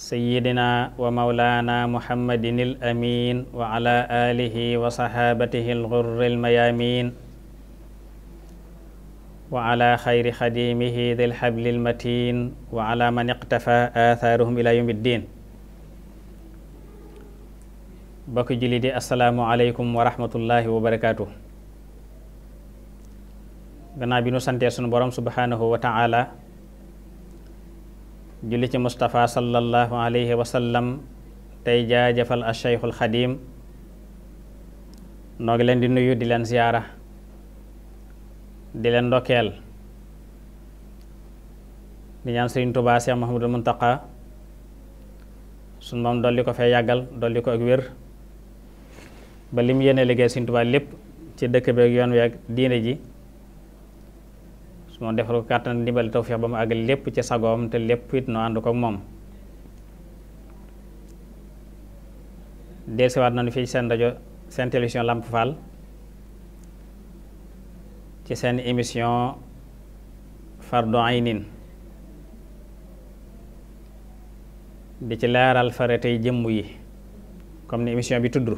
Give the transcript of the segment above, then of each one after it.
sayyidina wa mawlaana muhammadin al amin wa ala alihi wa sahaabatihi al ghurri al mayamin wa ala xayri xadimihi dil habli al matin wa ala man iqtafa athaaruhum ila yawmi ddin bokk julli di assalaamu aleykum wa rahmatullahi wa barakaatu gannaaw bi nu santee sunu borom subhanahu wa ta'ala julli ci Moustapha sallallahu alayhi wa sallam tey jaajëfal a Cheikhul Xadim noo ngi leen di nuyu di leen ziyaara di leen ndokkeel di ñaan Sëriñ Tuubaa Cheikh Mahamadul Muntaqa sun moom dolli ko fee yàggal dolli ko ak wér ba lim yéene liggéey Sëriñ Tuubaa lépp ci dëkk bi ak yoon wi ak ji moom defal ko kàttan ndimbali tawféex ba mu àgg lépp ci sagoom te lépp it noo ànd ko ak moom dellusiwaat nañu fii seen rajo seen télévision Lamp Fall ci seen émission Fardul Hayni di ci leeral faratay jëmm yi comme ni émission bi tudd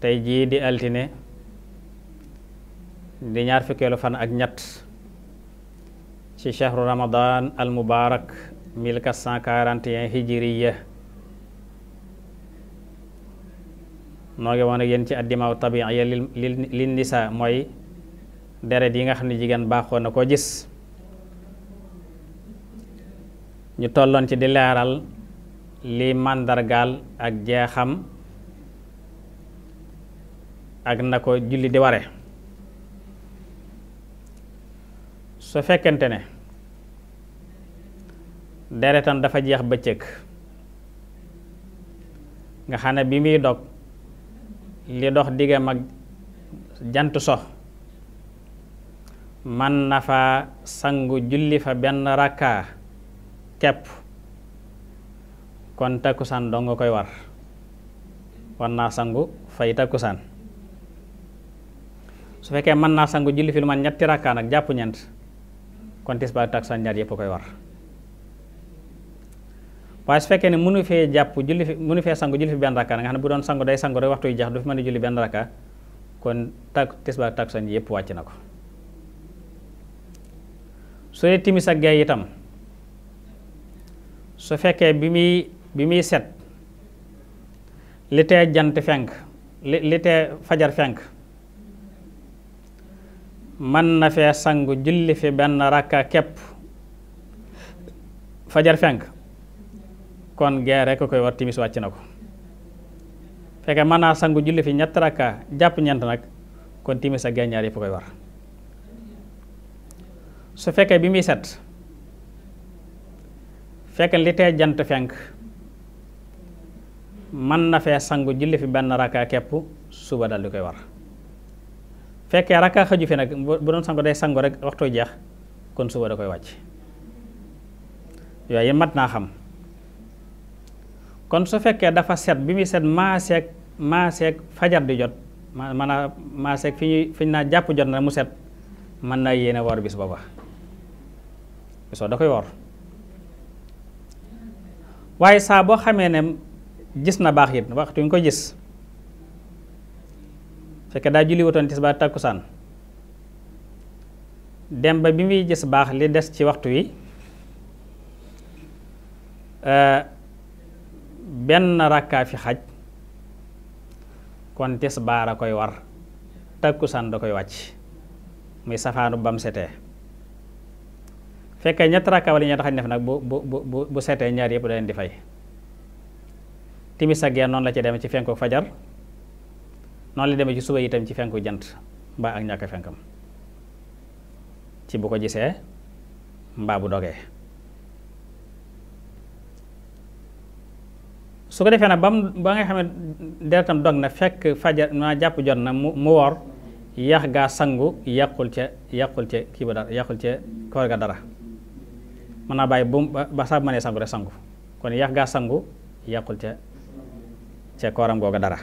tey jii di altine di ñaar fukkeelu fan ak ñett ci chahru ramadan al mubarak 1441 hijiriya noo ngi woon ak yéen ci addimaaw tabiiya lil nisa mooy deret yi nga xam ne jigéen baaxoon na ko gis ñu tolloon ci di leeral li màndargaal ak jeexam ak na ko julli di ware su fekkente ne deretam dafa jeex bëccëg nga xam ne bi muy dog li dox diggam ak jant sox man na fa sangu julli fa benn rakka kepp kon takkusaan dong nga koy war war naa sangu fay takkusaan su fekkee mën naa sangu julli fi lu man ñetti rakka nag jàpp ñeent kon tisbaar takkusaan ñaar yëpp koy war waaye su fekkee ne mënu fee jàpp julli fi mënu fee sangu julli fi benn rakka nga xam ne bu doon sangu day sangu rek waxtu yu jeex du fi mën a julli benn rakka kon tak tisbaar takkusaan yëpp wàcc na ko su dee timis ak gay itam su fekkee bi muy bi muy set li tee jant fenk li li tee fajar fenk mën na fee sangu julli fi benn rakka képp fajar fenk kon gee rek koy war timis wàcc na ko fekke mën naa sangu julli fi ñett rakka jàpp ñent nag kon timis ak gee ñaar yëpp koy war su fekkee bi muy set fekk li tee jant fenk mën na fee sangu julli fi benn rakka képp suba dal di koy war fekkee rakka xaju fi nag bu doon sangu day sangu rek waxtu jeex kon suba da koy wàcc yooyu mat naa xam kon su fekkee dafa set bi muy set maaseeg maaseeg fajar di jot ma man a maaseeg fi ñuy fi ñu naa jàpp jot na mu set mën naa yéene woor bis booba bisoo da koy woor waaye saa boo xamee ne gis na baax it waxtu ñu koy gis fekk daa julli wutoon tisbaar tàkkusaan dem ba bi muy gis baax li des ci waxtu wi eh, benn rakkaa fi xaj kon tisbaar a koy war tàkkusaan da koy wàcc muy safaanu bam setee fekkee ñett rakka wala ñett xaj na fi nag bu bu bu bu setee ñaar yëpp daleen leen di fay timis ak gee noonu la ci demee ci fenkook fajar noonu la demee ci suba itam ci fenku jant mbaa ak ñàkk fenkam ci bu ko gisee mbaa bu dogee su ko defee nag ba mu ba nga xam ne deretam dog na fekk fajar ma jàpp jot na mu mu woor yax gaa sangu yàqul ca yàqul ca kii ba dara yàqul ca koor dara mën naa bàyyi bu ba saa bu mënee sangu rek sangu kon yax gaa sangu yàqul ca ca kooram googa dara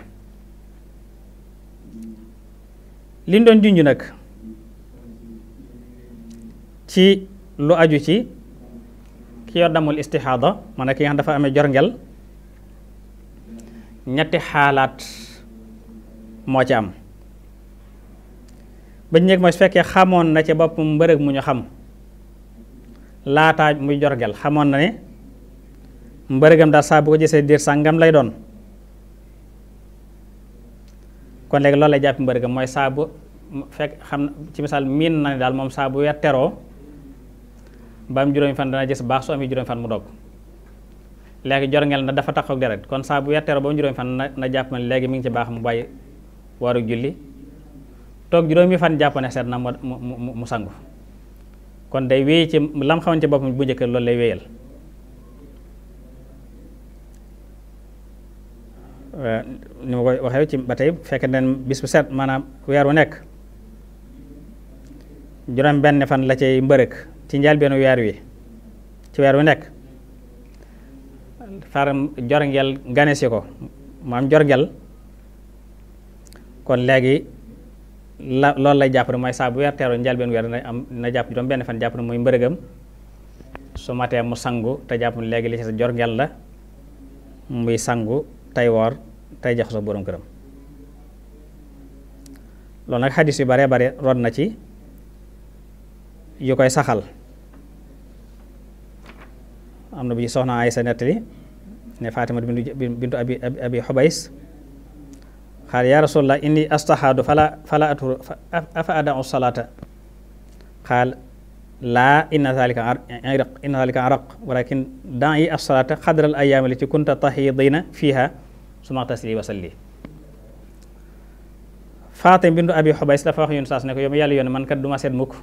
li doon junj nag ci lu aju ci ki yor damul istixaada maanaam ki nga xam dafa amee jorngel ñetti xaalaat moo ci am ba ñu nekk mooy su fekkee xamoon na ci boppam mbërëg mu ñu xam laataa muy jorngel xamoon na ne mbërëgam daal saa bu ko gisee diir sàngam lay doon kon léegi loolu lay jàpp mbër ga mooy saabu bu fekk xam ci misaal miin na ne daal moom saa bu weer teroo ba am juróomi fan dana gis baax su amee juróomi fan mu dog léegi jorngeel na dafa tax ak deret kon saabu weer teroo ba mu juróomi fan na jàpp ne léegi mu ngi ci baax mu bàyyi waru julli toog juróomi fan jàpp seet na mu mu mu sangu kon day wéy ci lam xaman ci boppam bu njëkk loolu lay wéyal Eh, ni ma koy waxee ci ba tey bu fekkee ne bis bu set maanaam weer wu nekk juróom benn fan la cay mbërëk ci njëlbeenu weer wi ci weer wu nekk faram jorngel ganesi ko maam jorngel kon léegi la loolu lay jàpp ne mooy saa bu weer teeru njëlbeen weer na am na jàpp juróom benn fan jàpp ne muy mbërëgam su matee mu sangu te jàpp ne léegi li ci sa jorngel la muy sangu tey woor tey jaxasoo borom këram loolu nag xadis yu bare bare root na ci yu koy saxal am na bu soxna Aysa nettali ne Fatima bintu abi abi Xubays xaal yaa rasulallah inni astahaadu fala fala atur afa adau salaata xaal laa inna zalika iraq inna zalika araq walakin dan yi xadral ayaami la ci kunta tahidina fiiha suma tasli wa salli Faatim bintu Abi Xubays dafa wax yoon saas ne ko yow mi yàlla yoon man kat du ma seet mukk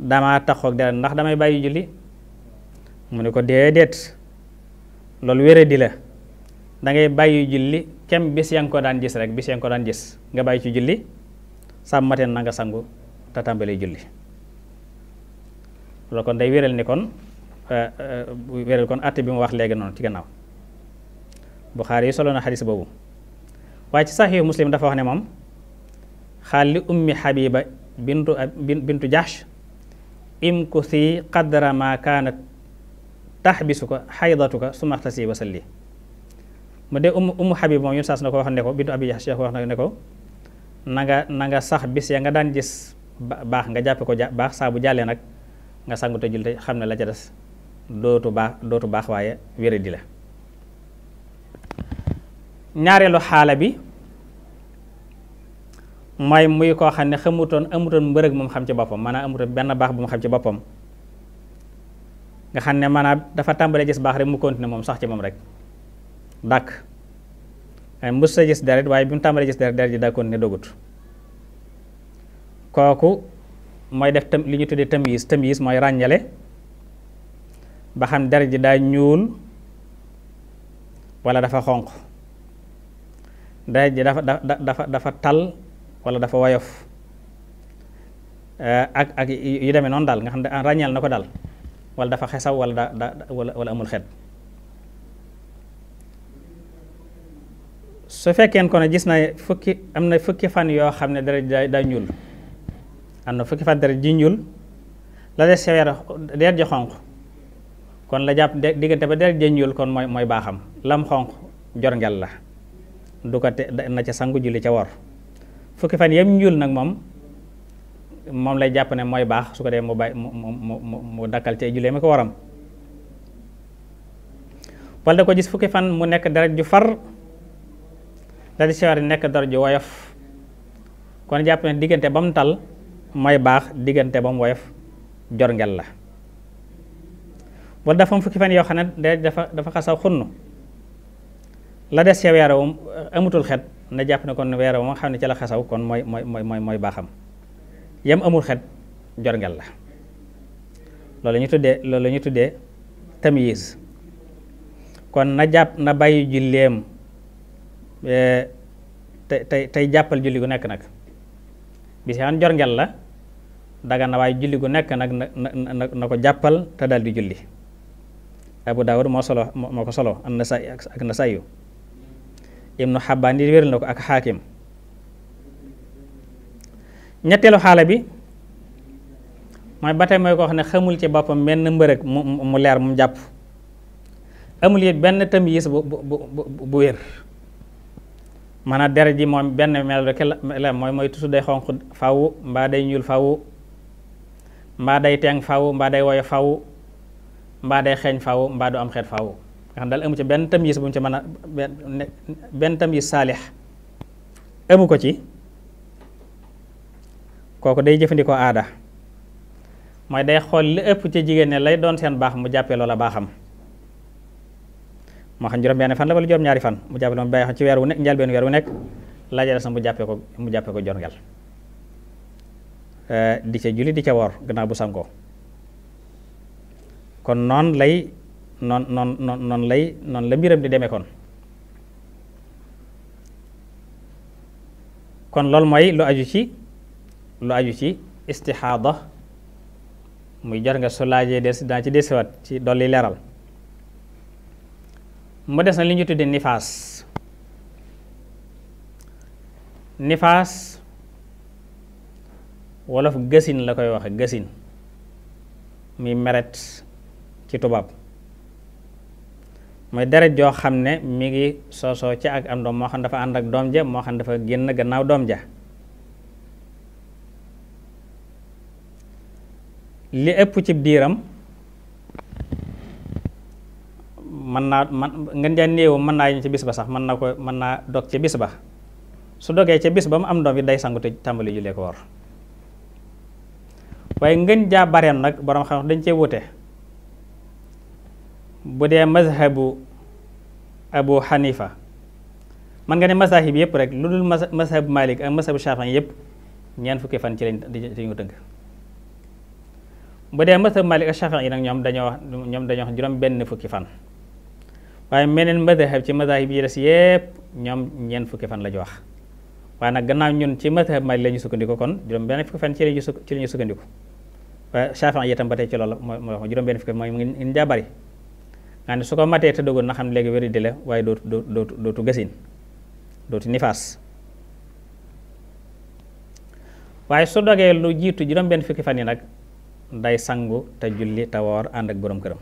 damaa taxoog dara ndax damay bàyyi julli mu ne ko déedéet loolu wére di la da ngay bàyyi julli kem bis yaa ngi ko daan jis rek bis yaa ngi ko daan gis nga bàyyi ci julli sàmmateen na nga sangu te tàmbalee julli loolu kon day wéral ni kon euh, euh, wéral kon àtte bi mu wax léegi noonu ci gannaaw Buxaari yi solo na xadis boobu waaye ci saxiix muslim dafa wax ne moom xaal li ummi Habiba bintu bintu Jahsh im ku si qadra ma kaanat taxbisuka xaydatuka sumaxtasi wa salli mu dee umu umu Habib moom yun saas na ko wax ne ko bintu abi Jahsh ko wax ne ko na nga nanga nga sax bis ya nga daan gis baax nga jàppe ko baax saa bu jàllee nag nga sangu te jul te xam ne la ca des dootu baax dootu baax waaye wéradi la ñaareelu xaala bi mooy muy koo xam ne xamutoon amutoon mbërëg moom xam ci boppam maanaam amutoon benn baax bu mu xam ci boppam nga xam ne maanaam dafa tàmbalee gis baax rek mu ne moom sax ci moom rek dàkk mës sa gis deret waaye bi mu tàmbalee gis deret deret ji daa continuer dogut kooku mooy def tam li ñu tuddee tamyiz tamyiz mooy ràññale ba xam deret ji daa ñuul wala dafa xonq deret ji dafa dafa dafa tal wala dafa woyof eh, ak ak yu demee noonu daal nga xam ne ah, ràññeel na ko daal wala dafa xesaw wala da da wala amul xet su fekkeen ko ne gis na fukki am na fukki fan yoo xam ne deret ji daa ñuul am na fukki fan deret ji ñuul la des seweer deret ji xonq kon la jàpp diggante ba deret ji ñuul kon mooy mooy baaxam lam xonq jor la du ko te na ca sangu julli ca war fukki fan yem ñuul nag moom moom lay jàpp ne mooy baax su ko dee mu bàyyi mu mu mu mu dakkal ci jullee ma ko waram wala da ko gis fukki fan mu nekk deret ju far dal di sewar nekk deret ju woyof kon jàpp ne diggante ba mu tal mooy baax diggante ba mu woyof jor la wala dafa am fukki fan yoo xam ne dafa xasaw xunn la des ca weer wam um, amutul xet na jàpp na kon weer um xam ne ci la xasaw kon mooy mooy mooy mooy baaxam yam amul xet jorngel la loolu ñu tuddee loolu ñu tuddee tamyiz kon na jàpp na bàyyi julleem eh, te tey tey jàppal julli gu nekk nag bis an jorngel la daga na waay julli gu nekk nag na na ko jàppal te daal di julli Abu Daawud moo solo moo ko solo an Nasaa'i ak Nasaa'i ibnu xabbaan yi wéral na ko ak xaakim ñetteelu xaala bi mooy ba tey mooy koo xam ne xamul ci boppam benn mbërëg mu mu leer mu jàpp amul yi benn tamyiis bu bu bu bu wér maanaam deret ji moom benn mel rek la mooy mooy tusu day xonq faw mbaa day ñuul faw mbaa day teeng faw mbaa day woyo faw mbaa day xeeñ faw mbaa du am xeet faw nga xam daal amu ci benn tamyiz bu mu ci mën benn tamyiz saalix amu ko ci kooku day jëfandikoo aada mooy day xool li ëpp ci jigéen ne lay doon seen baax mu jàppee loola baaxam moo xam juróom benn fan la wala juróom ñaari fan mu jàppee loola baaxam ci weer wu nekk njëlbeen weer wu nekk laajal sax mu jàppee ko mu jàppee ko jorngel di ca julli di ca woor gannaaw bu sangoo kon noonu lay noon noon noon noonu lay noonu la mbiram di demee kon kon loolu mooy lu aju ci lu aju ci istixaada muy jar nga su laajee des daa ci desiwaat ci dolli leeral mu des na li ñu tuddee nifaas nifaas wolof gësin la koy waxe gësin muy meret ci tubaab mooy deret joo xam ne mi ngi soosoo ci ak am doom moo xam dafa ànd ak doom ja moo xam dafa génn gannaaw doom ja li ëpp ci biiram mën naa man ngeen jaa néewu mën naa yem ci bis ba sax mën na ko mën naa dog ci bis ba su dogee ci bis ba mu am doom yi day sangu te tàmbali jullee ko war waaye ngeen jaa bareen nag borom xam dañ cee wute bu dee mazhabu abu xanifa man nga ne masahib yëpp rek lu dul mazhabu malik ak mazhabu shafan yëpp ñeent fukki fan ci lañ ci ñu dëgg bu dee mazhabu malik ak shafan yi nag ñoom dañoo wax ñoom dañoo wax juróom benn fukki fan waaye meneen mazhab ci mazahib yi des yëpp ñoom ñeent fukki fan la ñu wax waaye nag gannaaw ñun ci mazhab malik la ñu sukkandiku kon juróom benn fukki fan ci lañu ci la waaye shafan yi ba tey ci loolu mooy juróom benn fukki fan mooy ngi daa bari nga ne su ko matee te dogoon na xam léegi wéradi la waaye dootu dootu dootu gasin dootu nifaas waaye su dogee lu jiitu juróom-benn fukki fan yi nag day sangu te julli te woor ànd ak borom këram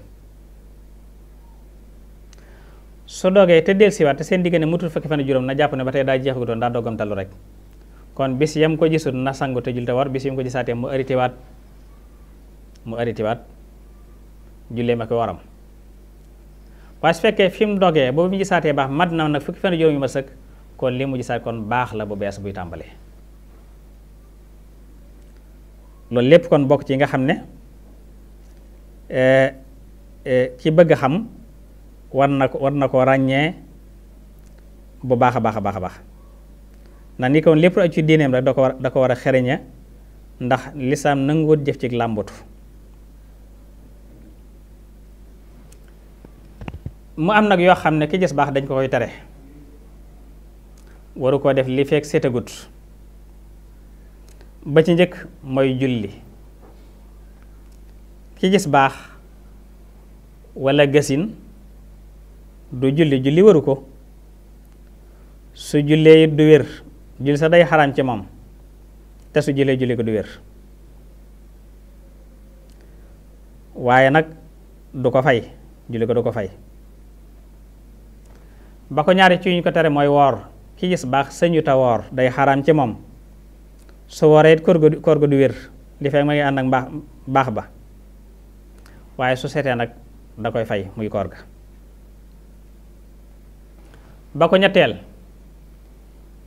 su dogee te dellusiwaat te seen diggante mutul fukki fan juróom na jàpp ne ba tey daa jeexagutoon daa doggam talu rek kon bis yam ko gisul na sangu te julli te woor bis yam ko gisaatee mu waat mu aritiwaat jullee ma ko waram waaye su fekkee fi mu dogee boobu mu gisaatee baax mat na nag fukki fan juróom yu ma sëkk kon li mu gisaat kon baax la bu bees buy tàmbalee loolu lépp kon bokk ci nga xam ne eh, eh, ci bëgg xam war na ko war na ko ràññee bu baax a baax a baax a baax ndax ni kon lépp ci diineem rek da ko da ko war a xereñe ndax lislaam nanguwut jëf ci làmbatu mu am nag yoo xam ne ki gis baax dañ ko koy tere waru koo def li fekk seetagut ba ci njëkk mooy julli ki gis baax walla gasin du julli julli waru ko su jullee it du wér julli sax day xaraam ci moom te su jullee julli ko du wér waaye nag du ko fay julli ko du ko fay ba ko ñaari ci ñu ko tere mooy woor ki gis baax sëñu ta woor day xaraam ci moom su wooree it koor ga du wér li fekk ma ngi ànd ak mbaax baax ba waaye su seetee nag da koy fay muy koor ga ba ko ñetteel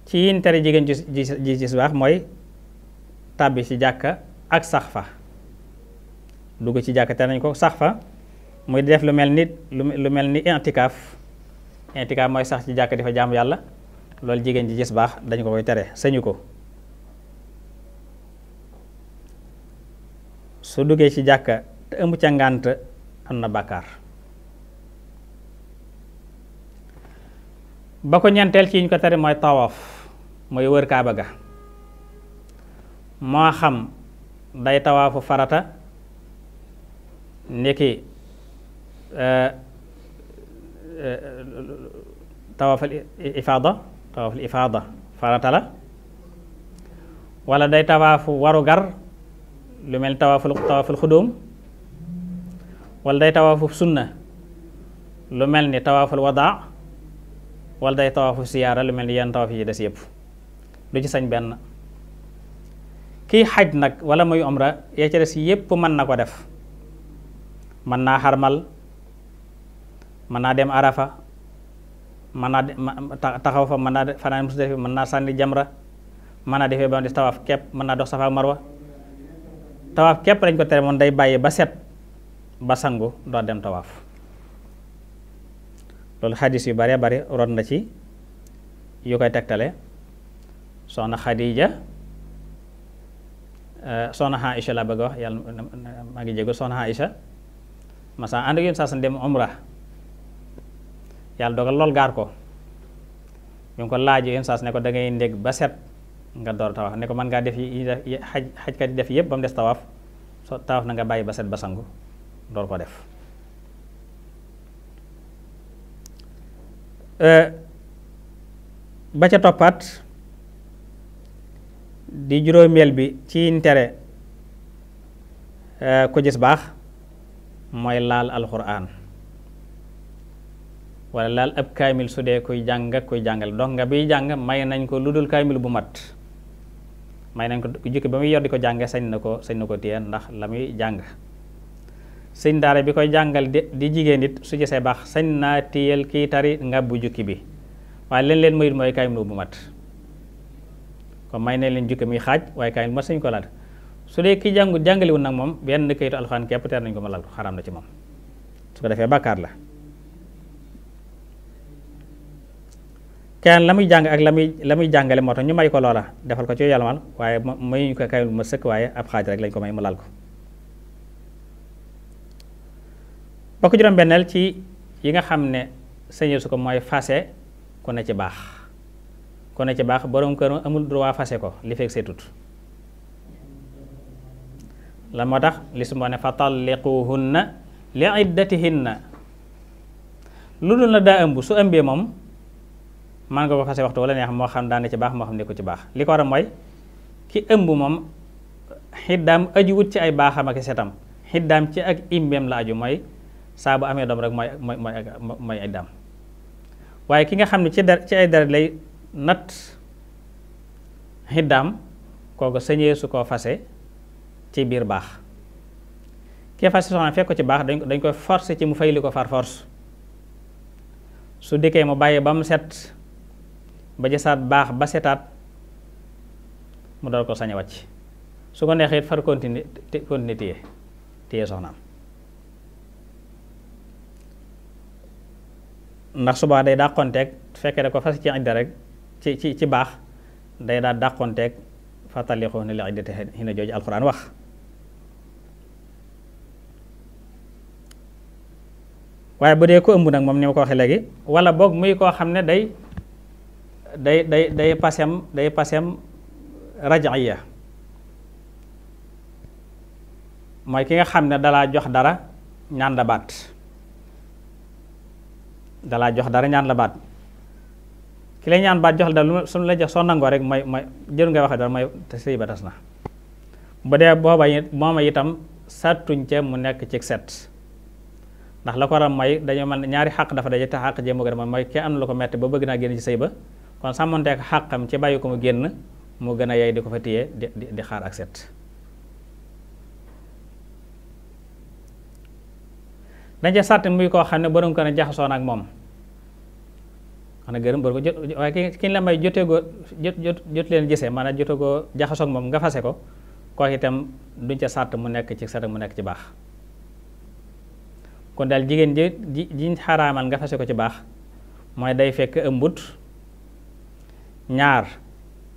ci yin tere jigéen ji gis baax mooy tàbbi ci jàkka ak sax fa dugg ci jàkka tere nañ ko sax fa muy def lu mel ni lu mel ni intikaaf intikaaf mooy sax ci jàkk di fa jaamu yàlla loolu jigéen ji gis baax dañu ko koy tere sañu ko su duggee ci jàkka te ëmb ca ngànt am na bàkkaar ba ko ñeenteel ci ñu ko tere mooy tawaaf mooy wër kaaba ga moo xam day tawaafu farata niki euh, tawafal ifaada tawafal ifaada farata la day tawaafu warugar lu mel tawaaful tawaaful xudóom wala day tawaafu sunna lu mel ni tawaaful wadaa wala day tawaafu siyaara lu mel ni yenn tawaaf yi des yëpp du ci sañ benn kiy xaj nag wala muy omra yee ca des yëpp mën na ko def mën naa xarmal mën naa dem arafa mën naa taxaw fa mën naa fanaan musdalifa mën naa sànni jamra mën naa defee ba des tawaaf képp mën naa dox safa marwa tawaaf képp lañ ko tere moom day bàyyi ba set ba sangu doo dem tawaaf loolu xadis yu bare bari rot na ci yu koy tegtale soxna xadija eh, soxna Aïcha la bëgg wax yàlla maa ngi jégal soxna Aïcha masaa ànd ak yéen saa san dem umra yàlla dogal lool gaar ko ñu ngi ko laajee yenn ne ko da ngay ndég ba set nga door tawaaf ne ko mën ngaa def yi xaj xajkat yi def yëpp ba mu des tawaaf so tawaaf na nga bàyyi ba set ba sangu door ko def ba ca toppaat di juróomeel bi ci ntere ku baax mooy laal alxuraan wala laal ab kaamil su dee kuy jàng ak kuy jàngale donc nga biy jàng may nañ ko lu dul kaamil bu mat may nañ ko jukki ba muy yor di ko jànge sañ na ko sañ na ko téye ndax la muy jàng sëñ daara bi koy jàngal di jigéen it su gisee baax sañ naa téyel kii tari nga bu jukki bi waaye leen leen mayut mooy kaamil bu mat kon may nañ leen jukki muy xaaj waaye kaamil bu mat sañ ko laal su dee ki jàngu jàngaliwul nag moom benn kayitu alxuraan képp teer nañ ko ma lal na ci moom su defee bàkkaar la keneen la muy jàng ak la muy la muy jàngale moo tax ñu may ko loola defal ko ci yàlla waaye mayuñu ko kay ma sëkk waaye ab xaaj rek lañ ko may mu laal ko bokk juróom-benneel ci yi nga xam ne sëñee su ko mooy fase ku ne ci baax ku ne ci baax boroom kër amul droit fase ko li fekk seetut la moo tax li su moo ne fa talliquhunna li iddatihinna lu dul na daa ëmb su ëmbee moom mën nga ko fase waxtu wala neex moo xam daane ci baax moo xam ko ci baax li ko war a mooy ki ëmb moom xiddaam aju ci ay baaxam ak setam xiddaam ci ak imbeem la aju mooy saa bu amee doom rek mooy mooy mooy waaye ki nga xam ne ci der ci ay deret lay nat xiddaam kooku sañee su ko fase ci biir baax ki fase soxna fekk ko ci baax dañ koy forcé ci mu fay li ko far force su dikkee mu bàyyi ba mu set ba jasaat baax ba setaat mu dal ko sañ a su ko neexee far continuer continuer téye téye soxnaam ndax subaa day dàqonteeg fekkee da ko fas ci idda rek ci ci ci baax day daal dàqonteeg fatalixoo ne li te hina jooju alxuraan wax waaye bu dee ko ëmb nag moom ni ma ko waxee léegi wala boog muy koo xam ne day day day day pasem day pasem ya mooy ki nga xam ne dalaa jox dara ñaan la baat dalaa jox dara ñaan la baat ki lay ñaan baat jox la dara su la jox soo nangoo rek mooy mooy jëru ngay waxee dara mooy te sëy ba tas na bu dee booba mooma itam sattuñ ca mu nekk ci set ndax la ko waral mooy dañoo mel ñaari xàq dafa daje te xàq jéem a gën mooy ki am na lu ko metti ba bëgg naa génn ci sëy ba kon sàmmonteek xàqam ci bàyyi ko mu génn mu gën a yey di ko fa téye di di xaar ak set dañ ca sàtt muy koo xam ne borom ko ne jaxasoon ak moom xanaa gërëm borom ko jot waaye ki ki la leen gisee maanaam jotee ko jaxasoo moom nga fase ko kooku itam duñ ca sàtt mu nekk ci set mu nekk ci baax kon dal jigéen ji ji jiñ xaraamal nga fase ko ci baax mooy day fekk ëmbut ñaar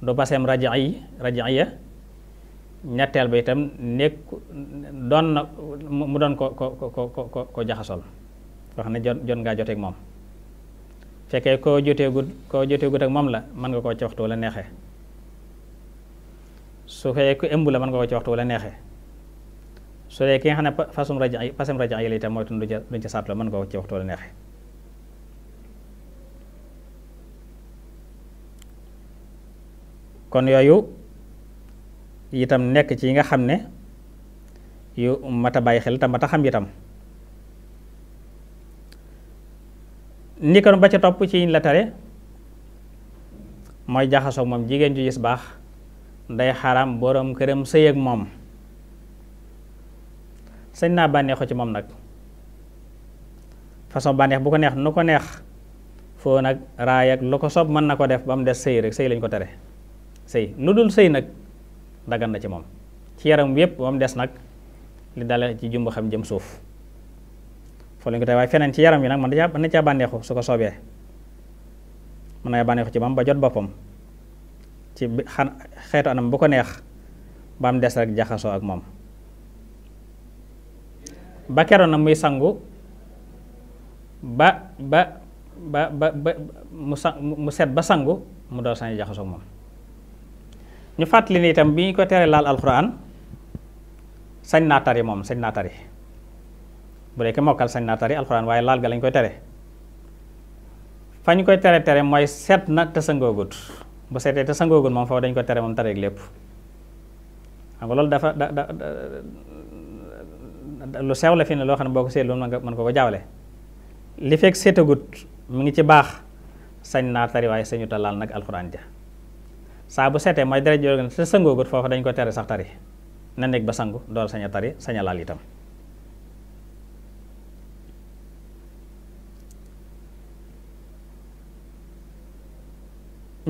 du baseem raja yi raja ya ñetteel ba itam nekk doon na mu doon ko ko ko ko ko jaxasol wax ne jot jot ngaa joteeg moom fekkee koo joteegut koo joteegut ak moom la mën nga koo ci waxtu wala neexee su fekkee ku la mën koo ci waxtu neexee su dee ki nga xam ne fasum raja yi fasum raja yi la itam mooy tun du ca du mën nga koo ci waxtu wala neexee kon yooyu itam nekk ci yi nga xam ne yu mat a bàyyi xel te mat xam itam ni kon ba ca topp ci yiñ la tare mooy jaxasoo moom jigéen ju gis baax day xaram boroom këram sëy ak moom sëñ naa bànneexu ci moom nag façon bànneex bu ko neex nu ko neex foo nag raay ak lu ko sob mën na ko def ba mu des sëy rek sëy lañ ko tere sëy lu dul sëy nag dagan na ci moom ci yaram yépp moom des nag li dale ci jumba xam jëm suuf foo lañ ko tey waaye feneen ci yaram wi nag man da na caa bànneexu su ko soobee mën na bànneexu ci moom ba jot boppam ci xan xeetu anam bu ko neex ba am des rek jaxasoo ak moom ba keroon na muy sangu ba ba ba ba mu sa mu set ba sangu mu door sañ jaxasoo ak moom ñu fàttali ni itam bi ñu ko teree laal alxuraan sañ naa tari moom sañ naa tari bu dee ki mokkal sañ naa tari alxuraan waaye laal ga lañ koy tere fa ñu koy tere tere mooy seet na te sangoogut bu seetee te sangoogut moom foofu dañ ko tere moom tareeg lépp xam nga loolu dafa da da lu sew la fi ne loo xam ne boo ko seetlu mën nga mën ko ko jaawale li fekk seetagut mu ngi ci baax sañ naa tari waaye sañu ta laal nag alxuraan ja saa bu setee mooy deret joo te sangoogut foofu dañ ko tere sax tari na nekk ba sangu door sañ tari sañ a itam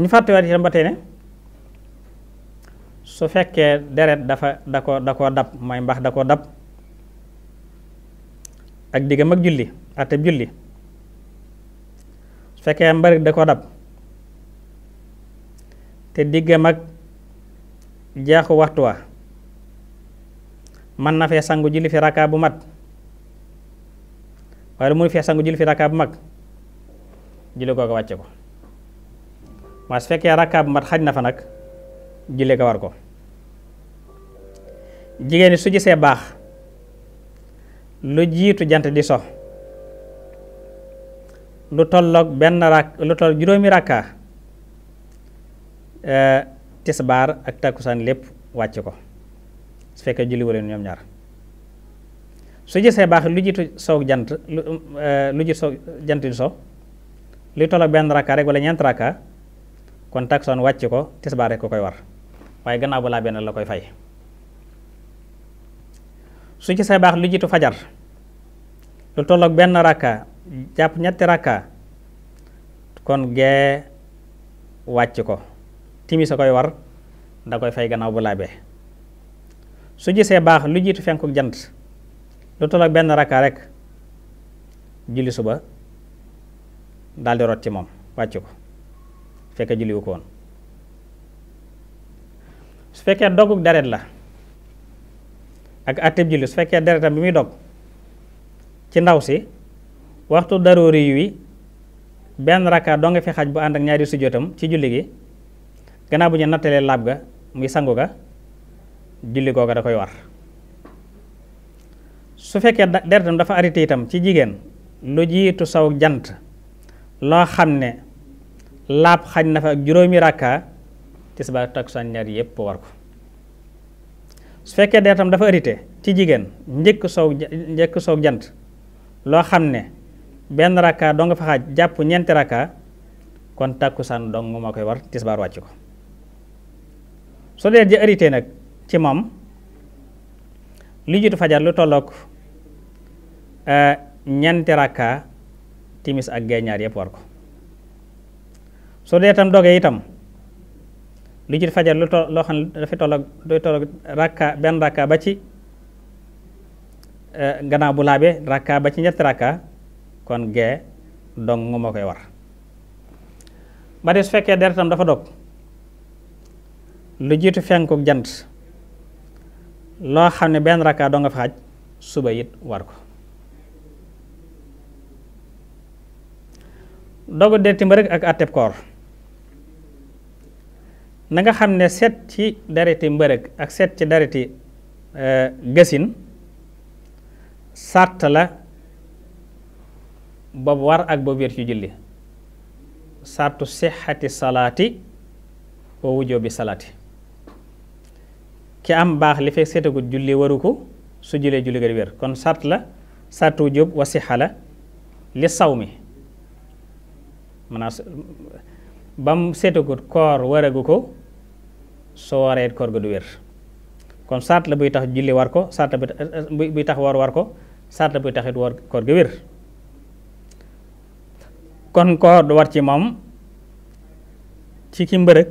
ñu fàttewaat itam ba tey ne su fekkee deret dafa da ko da dab mooy mbax da koo dab ak diggam ak julli atab julli su fekkee mbarik da koo dab te diggam mag jeexu waxtu wa mën na fee sangu julli fi rakka bu mat waaye mu fee sangu julli fi rakka bu mag julli kooku wàcce ko waaye su fekkee rakka bu mat xaj na fa nag julli ko war ko jigéeni ñi su gisee baax lu jiitu jant di so lu tolloog benn rak lu toll juróomi rakka Eh, tisbaar ak takkusaan lépp wàcc ko su fekkee julli wala ñoom ñaar su gisee baax lu jitu soog jant eh, lu jiitu soog jant di so luy tolloog benn rakka rek wala ñeent rakka kon takkusaan wàcc ko tisbaar rek ko koy war waaye gannaaw bu laa benn la koy fay su gisee baax lu jiitu fajar lu tolloog benn rakka jàpp ñetti rakka kon gee wàcc ko timis koy war da koy fay gannaaw bu laabee su gisee baax lu jiitu fenkuk jant lu ak benn rakka rek julli suba daldi rot ci moom wàcc ko fekk julliwu ko su fekkee doguk deret la ak atteb julli su fekkee deretam bi muy dog ci ndaw si waxtu daroori wi benn rakka doo nga fi xaj bu ànd ak ñaari sujjóotam ci julli gi gannaaw bu ñu nattalee laab ga muy sangu ga julli googa da koy war su fekkee der tam dafa arrêté itam ci jigéen lu jiitu saw jant loo xam ne laab xaj na fa ak juróomi rakka tisbaar takkusaan ñaar yépp war ko su fekkee der tam dafa arrêté ci jigéen njëkk soow njëkk sow jant loo xam ne benn rakka doo nga fa xaaj jàpp ñeenti rakka kon takkusaan dong moo koy war tisbaar wàcc ko su dee ja hérité nag ci moom lu jiitu fajar lu tollook euh, ñeenti rakka timis ak gee ñaar yëpp war ko su dee itam doge itam lu jiitu fajar lu to loo xam ne dafay benn rakka ba ci euh, gannaaw bu laabee rakka ba ci ñetti rakka kon gee dong moo koy war ba su fekkee der itam dafa dog lu jiitu fenkuk jant loo xam ne benn rakkaa doo nga fa xaj suba it war ko dogu detti mbërëg ak atteb koor na nga xam ne set ci dereti mbërëg ak set ci dereti e, gësin sàrt la boobu war ak boobu wér ci julli sartu sixati salaati wa wujjoo salaati ci am baax li fekk seetagut julli waru ko su julee julli gën wér kon sart la sartu jub wa sixa la li saw mi maanaam ba mu seetagut koor waragu ko soo waree koor ga du wér kon sart la buy tax julli ko sart eh, buy tax woor war ko sart buy taxit woor koor ga wér kon du war ci moom ci ki mbërëg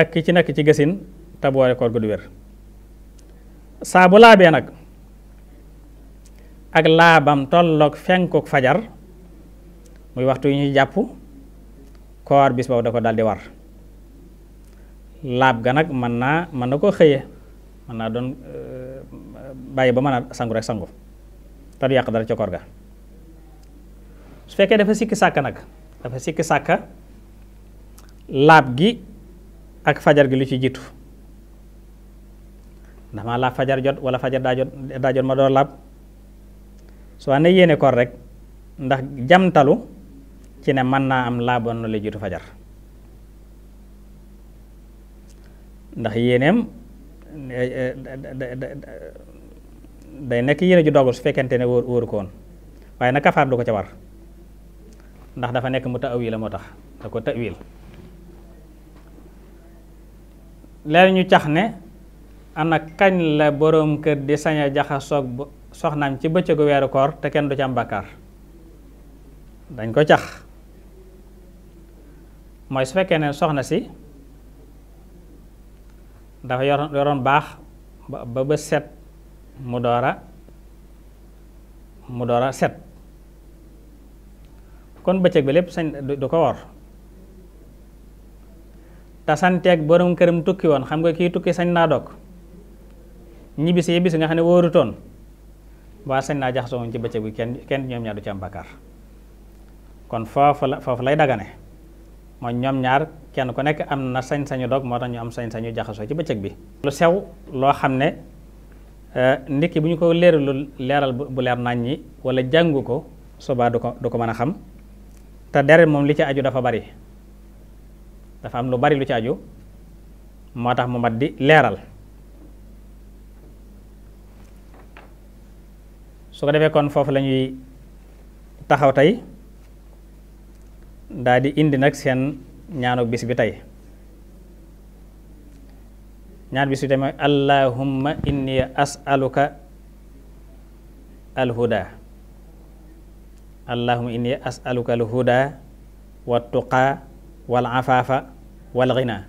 ak ki ci nekk ci gësin te boole koor ga du wér saa laabee nag ak laabam tolloog fenkuk fajar muy waxtu yu ñuy jàpp koor bis boobu da ko daldi war laab ga nag mën naa mën na koo xëye mën naa doon euh, bàyyi ba mën a sangu rek sangu te du yàq dara ca ga su fekkee dafa sikki sàkk nag dafa sikki sàkka laab gi ak fajar gi lu ci jiitu ndax maa laab fajar jot wala fajar daa jot daa ma door laab soo amee yéene koor rek ndax jamtalu ci ne man naa am laaboon na li jiitu fajar ndax yéeneem eh, eh, day nekk yéene ju dogul su fekkente ne wóor wóoru ko waaye nag kafaar du ko ca war ndax dafa nekk mu ta'wil la moo tax da ko ta'wil leer ñu cax ne ana kañ la boroom kër di sañ a jaxasoog soxnaam ci bëccëgu weeru koor te kenn du ci am bàkkaar dañ ko cax mooy su fekkee ne soxna si dafa yoroon baax ba ba set mu doora mu doora set kon bëccëg bi lépp sañ du ko wor te santeeg boroom këram tukki woon xam nga kii tukki sañ naa dog ñibbisi yibbisi nga xam ne wóorutoon waa sañ naa jaxasoo ci bëccëg bi kenn kenn ñoom ñaar du ci am bakkaar kon foofu la foofu lay dagane mooy ñoom ñaar kenn ku nekk am na sañ-sañu dog moo tax ñu am sañ-sañu jaxasoo ci bëccëg bi lu sew loo xam ne euh, ndikki bu ñu ko leeralul leeral bu leer nañ ñi wala jàngu ko subaa du ko du ko mën a xam te deret moom li ci aju dafa bari dafa am lu bari lu ci aju moo tax mu mat di leeral su ko defee kon foofu lañuy taxaw tey daal di indi nag seen ñaanu bis bi tey ñaan bis bi tamit allahumma inni as'aluka alhuda allahumma inni as'aluka alhuda wa tuqa wal afaafa wal ghina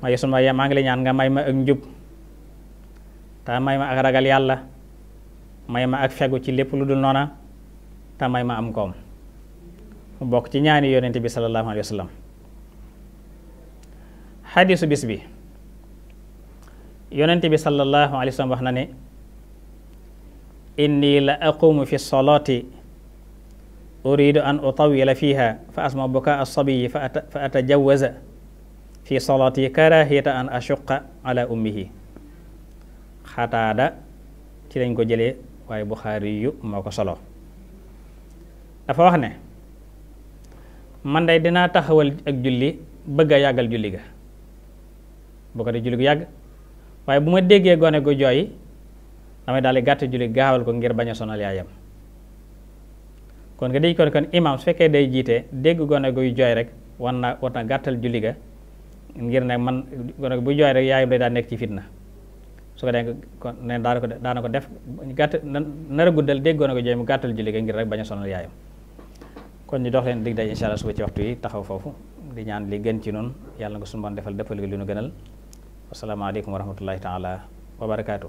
ma yesu ma yaa maa ngi lay ñaan nga may ma ak njub te may ma ak ragal yàlla may ma ak fegu ci lépp lu dul noona te ma am koom bokk ci ñaani yonent bi alayhi wa bi yonent bi wax na ne inni la aqumu fi solati uridu an utawila fiha fa asma bukaa asabiyi fa atajawaza fi solati karahiyata an ashuqa ala ummihi xataada ci lañ ko jëlee waaye Buxaari yu moo ko solo dafa wax ne man dey dinaa taxawal ak julli bëgg a yàggal julli ga bu ko dee julli gu yàgg waaye bu ma déggee gone gu jooy damay daal di gàtt julli gaawal ko ngir bañ a sonal yaayam kon nga dégg kon kon imaam su fekkee day jiite dégg gone guy jooy rek war na war na gàttal julli ga ngir ne man gone bu jooy rek yaayam day daal nekk ci fitna su ko defee kon nee daana ko daana ko def gàtt nar a guddal déggoon na ko jéem gàttal julli gi ngir rek bañ a yaayam kon ñu dox leen dig day incha allah suba ci waxtu yi taxaw foofu di ñaan li gën ci noonu yàlla nga ko suñu bon defal dëppal li nu gënal wasalaamaaleykum wa rahmatullahi taala wa barakaatu.